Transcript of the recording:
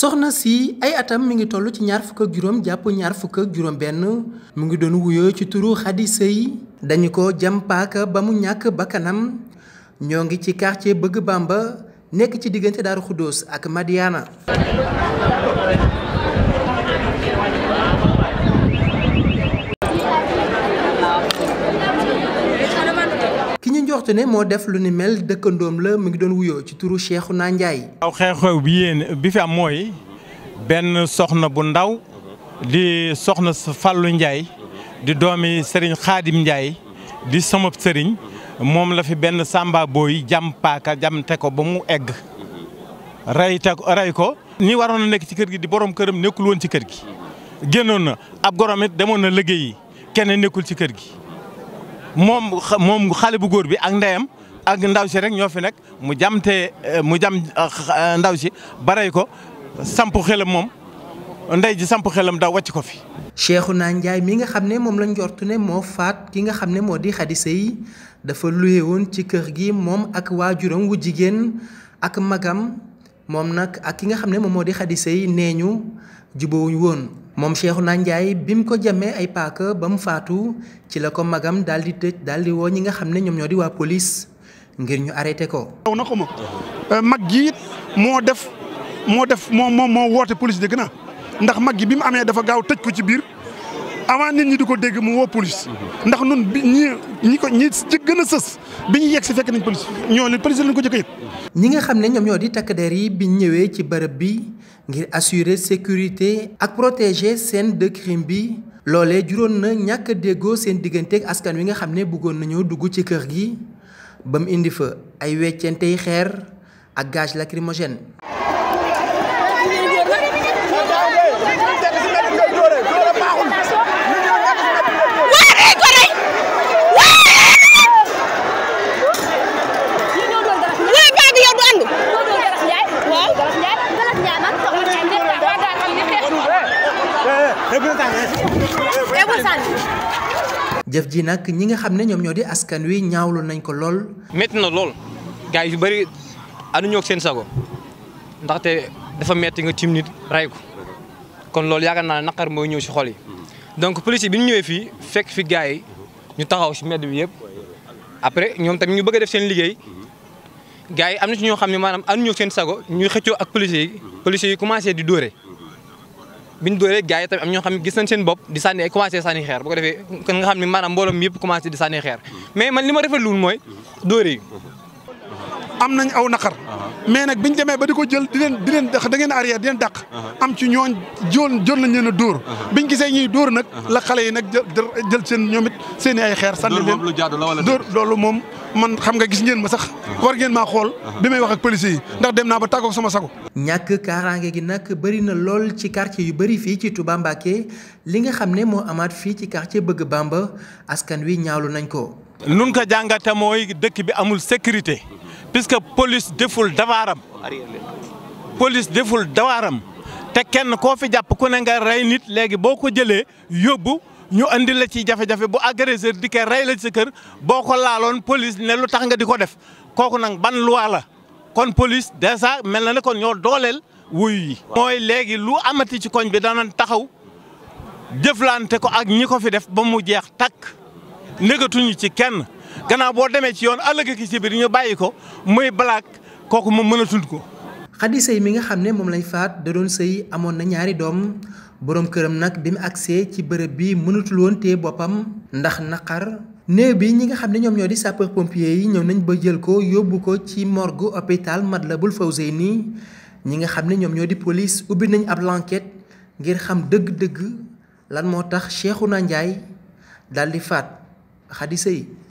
soxna si ay atam mu ngi toll ci ñaar fukk ak juróom jàpp ñaar fukk ak juróom benn mu ngi doon wuyoo ci turu Khady Seye dañu ko jam ba mu ñàkk bakkanam ñoo ngi ci quartier Bëgg ba nekk ci diggante Daaru Xuddoos ak Madiana moo def lu ni mel dëkkandoom la mu ngi doon wuyoo ci turu Cheikhouna Ndiaye. waaw xew-xew bi yéen bi fi am mooy benn soxna bu ndaw di soxna Fallou Ndiaye di doomi sëriñ Khadim Ndiaye di sama sëriñ moom la fi benn samba booy jam paaka jamte ko ba mu egg rey te ko. ñi waroon na nekk ci kër gi di borom këram nekkul woon ci kër gi génnoon na ab gorom demoon na liggéeyi kenn nekkul ci kër gi. moom moom xale bu góor bi ak ndeyam ak ndaw si rek ñoo fi nekk mu jam euh, mu jam euh, euh, ndaw si barey ko samp xelam moom ndey ji samp xelam daw wàcc ko fi. naa Ndiaye mi nga xam ne moom la njortu ne moo faat ki nga xam ne moo di Khady Seye dafa luye woon ci kër gi moom ak waajuram wu jigéen ak magam moom nag ak ki nga xam ne moom moo di Khady Seye nee ñu jubóowuñ woon. moom naa Ndiaye bi mu ko jamee ay paaka ba mu faatu ci la ko magam daal di tëj daal di woo ñi nga xam ne ñoom ñoo di waa police ngir ñu arrêté ko. daw na ko ma euh, mag gi moo def moo def moom moo moo woote police de gën ndax mag gi bi mu amee dafa gaaw tëj ko ci biir avant nit ñi di ko dégg mu woo police ndax nun bi ñi ñi ko ñi ci gën a sës bi ñu yegg si fekk nañ police ñoo ne police lañ ko jëkk a ñi nga xam ne ñoom ñoo di takk der yi bi ñu ñëwee ci bërëb bi ngir assurer sécurité ak protéger seen dëkk crime bi loole juróon na ñàkk déggoo seen digganteeg askan wi nga xam ne bëggoon nañoo dugg ci kër gi ba mu indi fa ay weccentey xeer ak gaz lacrymogène jëf ji nag ñi nga xam ne ñoom ñoo di askan wi ñaawlu nañ ko lool. métti na lool gars yu bëri ànduñoo ak seen sago ndaxte dafa metti nga tim nit ray ko kon loolu yaakaar naa ne naqar mooy ñëw si xol yi donc police bi ñu ñëwee fii fekk fi gars yi ñu taxaw si mbedd bi yëpp après ñoom tamit ñu bëgg a def seen liggéey gars yi am na ci ñoo xam ne maanaam ànduñoo ñoo seen sago ñuy xëccoo ak police yi police yi commencé di dóore. bi ñu dóoree gars yi tamit am ñoo xam gis nañ seen bopp di sànni ay commencé sànni xeer bu ko defee kon nga xam ne maanaam mbooloo mi yëpp commencé di sànni xeer mais man li ma rafetlu wul mooy am nañ aw naqar uh-huh. mais nag bi biñ demee ba di ko jël di leen di leen da ngeen arrière di leen dàq uh-huh. am ci ñooñ joon joon lañ leen a dóor uh-huh. biñ gisee ñuy dóor nag la xale yi nag jël seen ñoom it seen i ay xeer sànni leen dóor loolu moom man xam nga gis ngeen ma sax war ngeen ma xool bi may wax ak policiers yi ndax dem naa ba tàggoog sama sago ñàkk kaaraange gi nag bëri na lool ci quartier yu bëri fii ci Touba Mbacké li nga xam ne moo amaat fii ci quartier Bëgg Bamba askan wi ñaawlu nañ ko nun ko jàngate mooy dëkk bi amul sécurité puisque police deful dawaaram police deful dawaaram te kenn koo fi jàpp ku ne nga rey nit léegi boo ko jëlee yóbbu ñu andi la ci jafe-jafe bu agresseur di ko rey la ci sa kër boo ko laaloon police ne lu tax nga di ko def kooku nag ban loi la kon police dèjà mel na ne kon ñoo dooleel wuyu yi. mooy léegi lu amati ci koñ bi danañ taxaw jëflante ko ak ñi ko fi def ba mu jeex takk négatuñu ci kenn. gannaaw boo demee ci yoon ëllëg ki ci biir ñu bàyyi ko muy balaak kooku moom mënatul ko. Xadi sëy mi nga xam ne moom lañ faat da doon sëy amoon na ñaari doom boroom këram nag bi mu agsee ci bërëb bi mënatul woon te boppam ndax naqar. néew bi ñi nga xam ne ñoom ñoo di sapeur pompier yi ñëw nañu ba jël ko yóbbu ko ci mat la bul hôpital Matlaboul Fawzeyni ñi nga xam ne ñoom ñoo di police ubbi nañu ab l'enquête ngir xam dëgg-dëgg lan moo tax Cheikhouna Ndiaye daal di faat Khady Seye